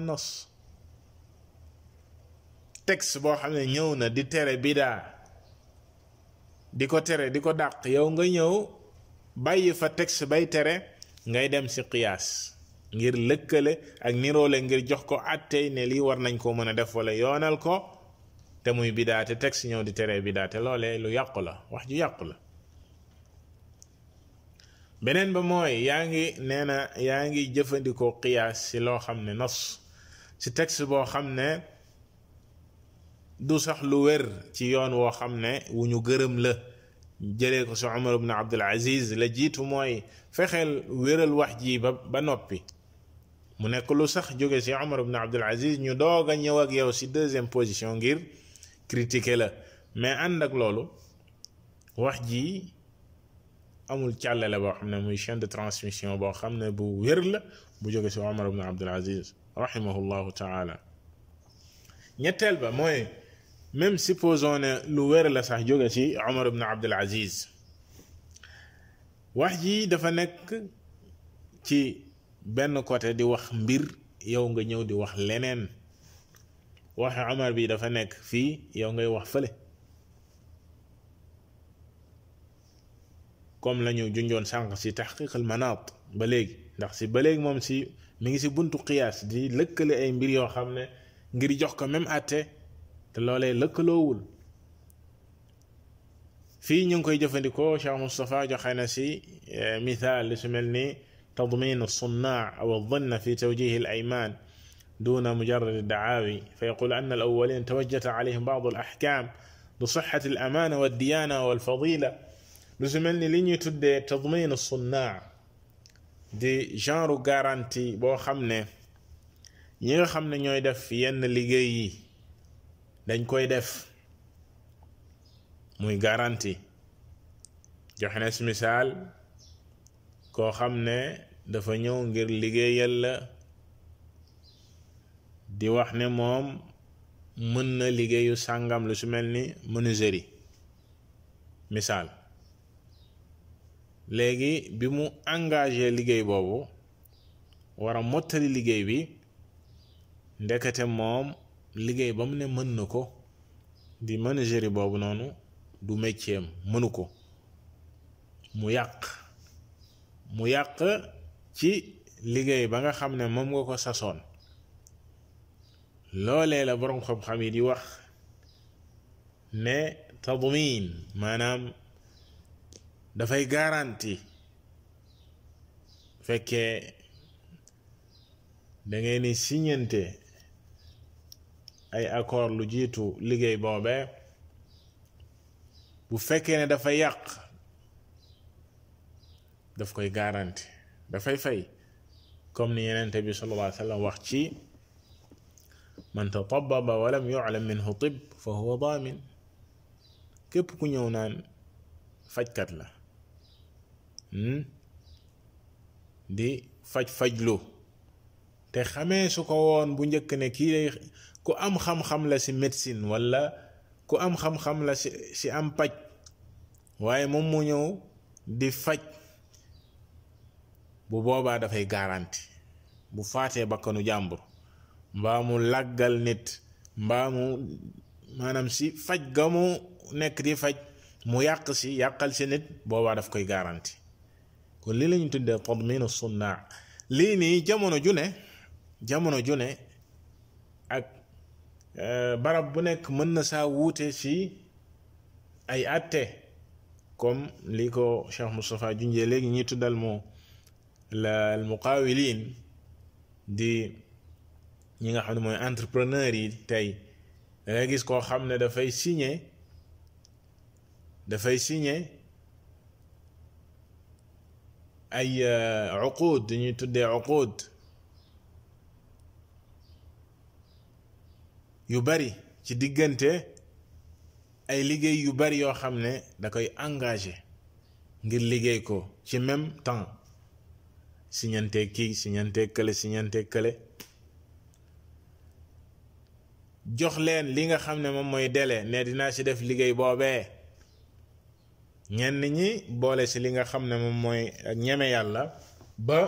texte boo xam ne ñëw na di tere bidaa di ko tere di ko dàq yow nga ñëw bàyyi fa texte bay tere ngay dem ci qiyaas ngir lëkkale ak niroole ngir jox ko àttey ne lii war nañ koo mën a def wala yoonal ko te muy bidaa te texte ñëw di tere bidaa te loole lu yàqu la wax ju yàqu la beneen ba mooy yaa ngi nee yaa ngi jëfandikoo qiyaas si loo xam ne nos ci texte boo xam ne du sax lu wér ci yoon woo xam ne wu ñu gërëm la jëlee ko si umar ibn abdul aziz la jiitu mooy fexeel wéral wax ji ba ba noppi mu nekk lu sax jóge si umar ibn abdul aziz ñu doog a ñëw ak yow si deuxième position ngir critiquer la mais ànd ak loolu wax ji amul càllale boo xam ne muy chaîne de transmission boo xam ne bu wér la bu jóge si umar ibn abdul aziz rahimahullahu taala ñetteel ba mooy même supposons ne lu wér la sax jóge ci Omar ibn Abdul Aziz wax ji dafa nekk ci benn côté di wax mbir yow nga ñëw di wax leneen waxe Omar bi dafa nekk fii yow ngay wax fële comme la ñu junjoon sànq si taxqiq al manat ba léegi ndax si ba léegi moom si mi ngi si buntu qiyaas di lëkkale ay mbir yo xam ne ngir jox ko même àtte te loolee lëkkaloowul fii ñu ngi koy jëfandikoo Cheikh Moustapha joxe na si e, misaal li su mel ni تضمين الصناع أو الظن في توجيه الأيمان دون مجرد الدعاوي فيقول أن الأولين توجت عليهم بعض الأحكام بصحة الأمانة والديانة والفضيلة لزمن لين تدي تضمين الصناع دي جانرو غارانتي بو خمنه ñi nga xam ne ñooy def dañ koy def muy garanti joxe na misaal koo xam ne dafa ñëw ngir liggéeyal la di wax ne moom mën na liggéeyu sàngam lu su mel ni menuiserie misaal léegi bi mu engagé liggéey boobu war mottali liggéey bi ndekete moom liggéey ba mu ne mën na ko di mën manager boobu noonu du métier mënu ko mu yàq mu yàq ci liggéey ba nga xam ne moom nga ko sasoon loolee la boroom xam yi di wax ne tadmin maanaam dafay garanti fekkee da ngeen ni ay accord lu jiitu liggéey boobee bu fekkee ne dafa yàq daf koy garanti dafay fay comme ni yenente bi sallallahu alayhi wa sallam wax ci man tatababa wa lam yulam minhu tib fa huwa damin képp ku ñëw naan fajkat la di faj fajlu te xamee su ko woon bu njëkk ne kii day ku am xam-xam la ci médecine walla ku am xam-xam la si am paj waaye moom mu ñëw di faj bu boobaa dafay garanti bu faatee bakkanu jàmbur mbaa mu làggal nit mbaa mu maanaam si faj ga mu nekk di faj mu yàq ci yàqal si nit boobaa daf koy garanti kon lii lañu tuddee tadminu sunna lii nii jamono ju ne jamono ju ne ak barab bu nekk mën na saa wuute ci ay atte comme li ko cheikh moustapha junjee léegi ñi tuddal mu la almuqawilin di ñi nga xam ne mooy entrepreneur yi tey da ngay gis koo xam ne dafay signé dafay signé ay uqud ñuy tuddee uqud yu bari ci diggante ay liggéey yu bari yoo xam ne da koy engagé ngir liggéey ko ci même temps siñante kii siñante kële siñante kële jox leen li nga xam ne moom mooy délai ne dinaa ci def liggéey boobee ñenn ñi boole si li nga xam ne moom mooy ñeme yàlla ba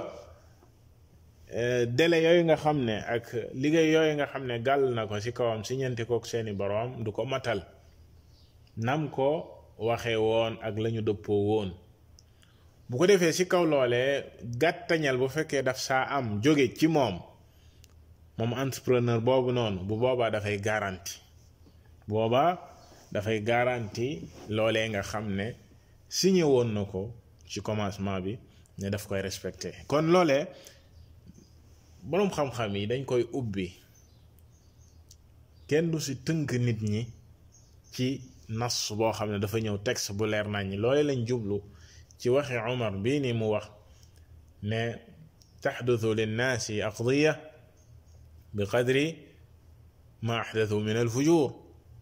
Euh, délai yooyu nga xam ne ak liggéey yooyu nga xam ne gàll na ko ci kawam si ñeenti kook seeni boroom du ko matal nam ko waxee woon ak lañu dëppoo woon bu ko defee si kaw loolee gàttañal bu fekkee daf saa am jóge ci moom moom entrepreneur boobu noonu bu boobaa dafay garanti booba dafay garanti loolee nga xam ne signé woon na ko ci commencement bi ne daf koy respecté kon loolee borom xam-xam yi dañ koy ubbi kenn du si tënk nit ñi ci nas boo xam ne dafa ñëw texte bu leer nañ ñi loole lañ jublu ci waxi umar bii ni mu wax ne taxduthu linnaasi aqdiya bi qadri ma axdathu min alfujur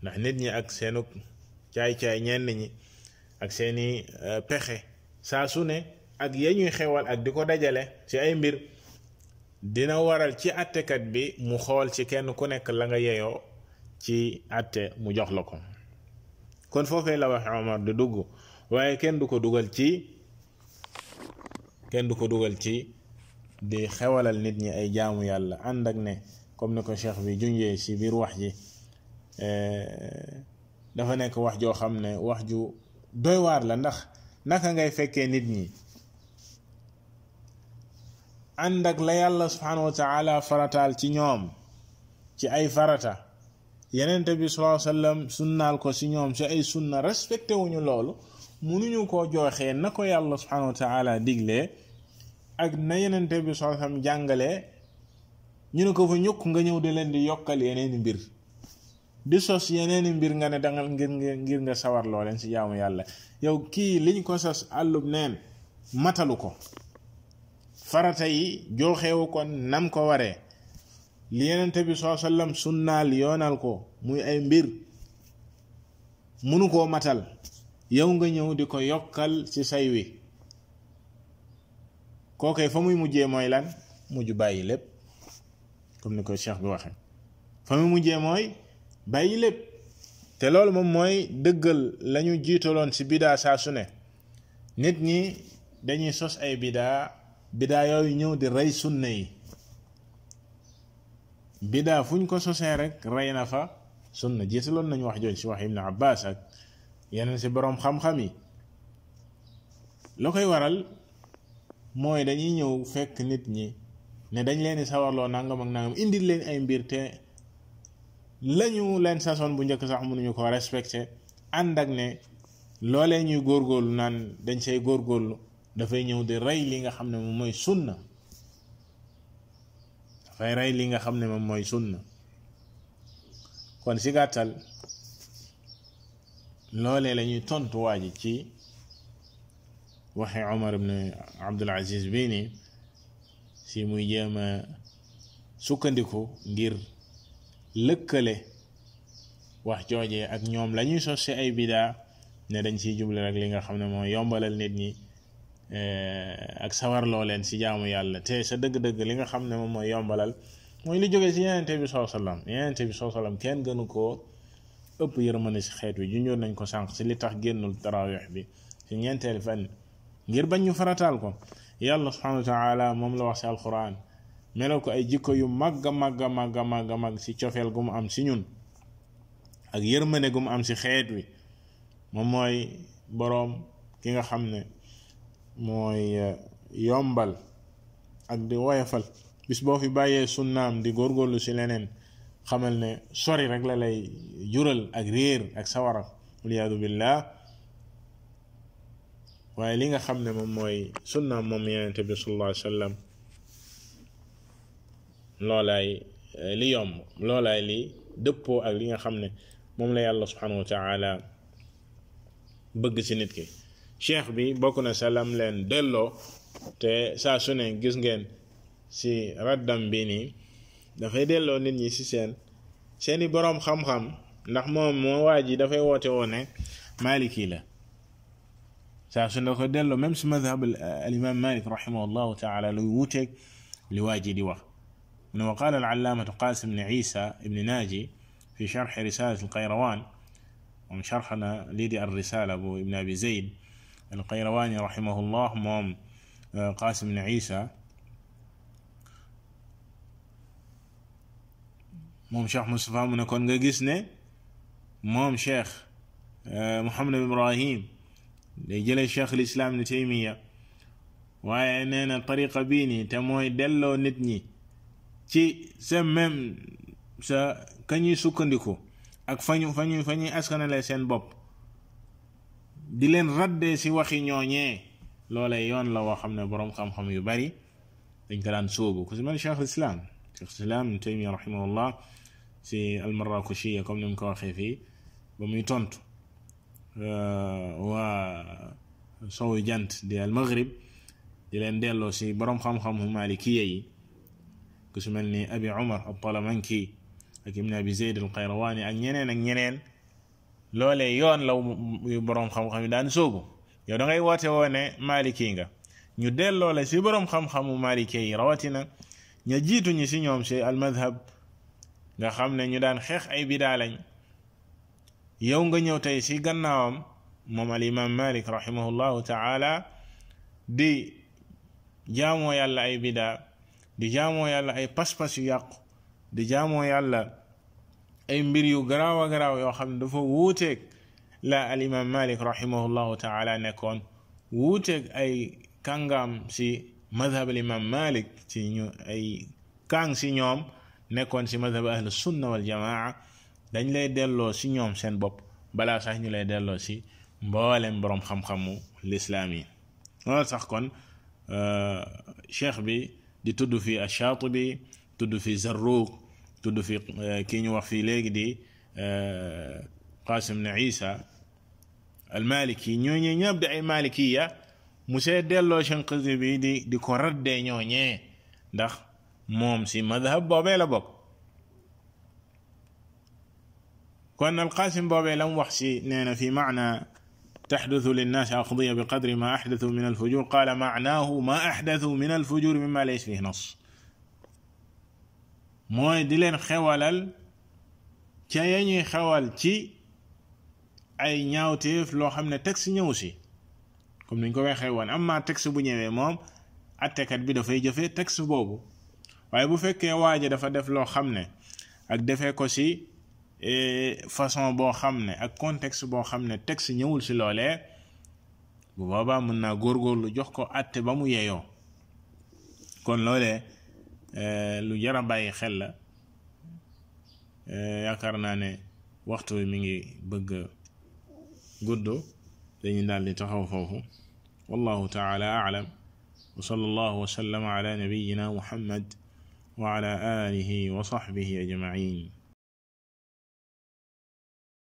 ndax nit ñi ak seenu caay-caay ñenn ñi ak seeni pexe saa su ne ak ya xewal ak di ko dajale ci ay mbir dina waral ci àttekat bi mu xool ci kenn ku nekk la nga yeyoo ci àtte mu jox la ko kon foofee la waxe Omar di dugg waaye kenn du ko dugal ci kenn du ko dugal ci di xewalal nit ñi ay jaamu yàlla ànd ak ne comme ni ko cheikh bi junjee ci biir wax ji eh, dafa nekk wax joo xam ne wax ju doy waar la ndax naka ngay fekkee nit ñi ànd ak la yàlla subhanahu wa farataal ci ñoom ci ay farata yenente bi sallallahu alayhi wasallam ko ci ñoom ci ay sunna respecté wuñu loolu mënuñu koo jooxee na ko yàlla subhanahu wa taala ak na yenente bi sallallahu alayhi wasallam ñu ne ko fa ñukk nga ñëw di leen di yokkal yeneeni mbir di sos yeneeni mbir nga ne dangal ngir ngir nga sawar loo leen ci jaamu yàlla yow kii liñ ko sos àllub neen matalu ko farata yi joxewu ko nam ko waree li yenente bi soo sallam sunnaal yoonal ko muy ay mbir mënu koo matal yow nga ñëw di ko yokkal ci say wi kookee fa muy mujjee mooy lan mujj bàyyi lépp ni ko cheikh bi waxee fa muy te loolu moom mooy dëggal lañu jiitaloon ci bidaa saa su ne nit ñi dañuy sos ay bidaa bidaa yooyu ñëw di rey sunna yi bidaa fuñ ko sosee rek rey na fa sunna jiitaloon nañu wax jooju si wax ibnu abbas ak yeneen si boroom xam-xam yi loo koy waral mooy dañuy ñëw fekk nit ñi ne dañ leen di sawarloo nangam ak nangam indil leen ay mbir te lañu leen sasoon bu njëkk sax mënuñu ko respecté ànd ak ne loolee ñuy góor góorlu naan dañ say góorlu dafay ñëw di rey li nga xam ne moom mooy sunna dafay rey li nga xam ne moom mooy sunna kon si gàttal loolee la ñuy tontu waa ji ci waxe Omar ibn Abdul Aziz bii ni si muy jéem a sukkandiku ngir lëkkale wax joojee ak ñoom la ñuy sos si ay bidaa ne dañ siy jublu rek li nga xam ne mooy yombalal nit ñi Eh, ak sawarloo leen si jaamu yàlla te sa dëgg-dëgg li nga xam ne moom mooy yombalal mooy li jógee si yenente bi soo salaam bi soo salaam kenn gënu koo ëpp yërmande si xeet wi junjoon nañ ko sànq si li tax génnul tarawih bi si ñeenteel fan ngir bañ ñu farataal ko yàlla subhanahu wa taala moom la wax si alquran meloo ko ay jikko yu màgg a màgg a màgg a màgg a si cofeel gu mu am si ñun ak yërmande gu mu am si xeet wi moom mooy boroom ki nga xam ne mooy yombal ak di woyafal bis boo fi bàyyee sunnaam di góorgóorlu si leneen xamal ne sori rek la lay jural ak réer ak sawara waliyaadu billah waaye li nga xam ne moom mooy sunnaam moom yenente bi sallallahu alayhi wa sallam loolaay li yomb loolaay li dëppoo ak li nga xam ne moom la yàlla subhanahu wa taala bëgg si nit ki cheikh bi bokk na salam len delloo te sa sunen gis ngeen si raddam bi ni da fay delloo nit ñi si sen seni borom xam-xam ndax mom mo waji da fay wote woné maliki la sa sunu ko delloo même si madhab al imam malik rahimahullahu taala lu wute li waji di wax mu ne wa qaala al allaamatu qasim ibn isa ibn naji fi sharh risalat al qayrawan ومشرحنا ليدي الرسالة أبو ابن أبي زيد القيرواني رحمه الله مام آه، قاسم بن عيسى مام شيخ مصطفى من كونغاجسنة مام شيخ آه، محمد بن إبراهيم لجل الشيخ الإسلام لتيمية وعنين الطريقة بيني تموي دلو نتني تي سمم سا كان يسوكن ديكو أك فاني فاني فاني أسكن على سين بوب di leen radde si waxi ñooñee loolee yoon la woo xam ne boroom xam-xam yu bari dañ ko daan sóobu ku si mel cheikh lislaam cheikh lislaam ibnu taymia rahimahullah si almarakuchiya comme ni mu ko waxee fii ba muy tontu waa sowu jant di almaghrib di leen delloo si borom xam-xamu xam malikiya yi ku si mel ni abi umar al talamanki ak ibn abi zayd al qayrawani ak ñeneen ak ñeneen loolee yoon la yu boroom xam-xam yi daan soobu yow da ngay woote woo ne maaliki nga ñu delloo la si borom xam-xamu malike yi rawatina ña jiitu ñi si ñoom si almadhab nga xam ne ñu daan xeex ay bidaa lañ yow nga ñëw tey si gannaawam moom al imam malik rahimahullahu taala di jaamoo yàlla ay bidaa di jaamoo yàlla ay pas-pas yu yàqu di jaamoo yàlla ay mbir yu garaaw a garaaw yoo xam ne dafa wuuteeg la al imam malik rahimahullahu taala nekkoon wuuteeg ay kàngaam si madhab al imam malik ci ñu ay kàng si ñoom nekkoon si madhab ahlu sunna wal jamaa dañ lay delloo si ñoom seen bopp balaa sax ñu lay delloo si mboolem borom xam-xamu lislaam yi loolu sax kon cheikh bi di tudd fi ashatibi tudd fi zarruq تدو في كيني وفي ليك دي قاسم نعيسى المالكي نيوني نبدا المالكيه مسيد دلو شنقزي بي دي دي كورد دي نيوني داخ موم سي مذهب بوبي لبوك كون القاسم بوبي لم وحسي نينا في معنى تحدث للناس أقضية بقدر ما أحدثوا من الفجور قال معناه ما أحدثوا من الفجور مما ليس فيه نص mooy di leen xewalal ca ya ñuy xewal ci ay ñaawteef loo xam ne texte ñëw si comme niñ ko waxee woon amma texte bu ñëwee moom attekat bi dafay jëfee texte boobu waaye bu fekkee waaja dafa def loo xam ne ak defee ko si e, façon boo xam ne ak contexte boo xam ne texte ñëwul si loolee bu boobaa mën naa góor góorgóorlu jox ko atte ba mu yeyoo kon loolee lu jara a bàyyi xel la yaakaar naa ne waxtu wi mi ngi bëgg gudd dañu daal di taxaw foofu wallahu taala aalam wa sallallahu wa sallama ala nabiyina muhammad wa ala alihi wa sahbihi ajmain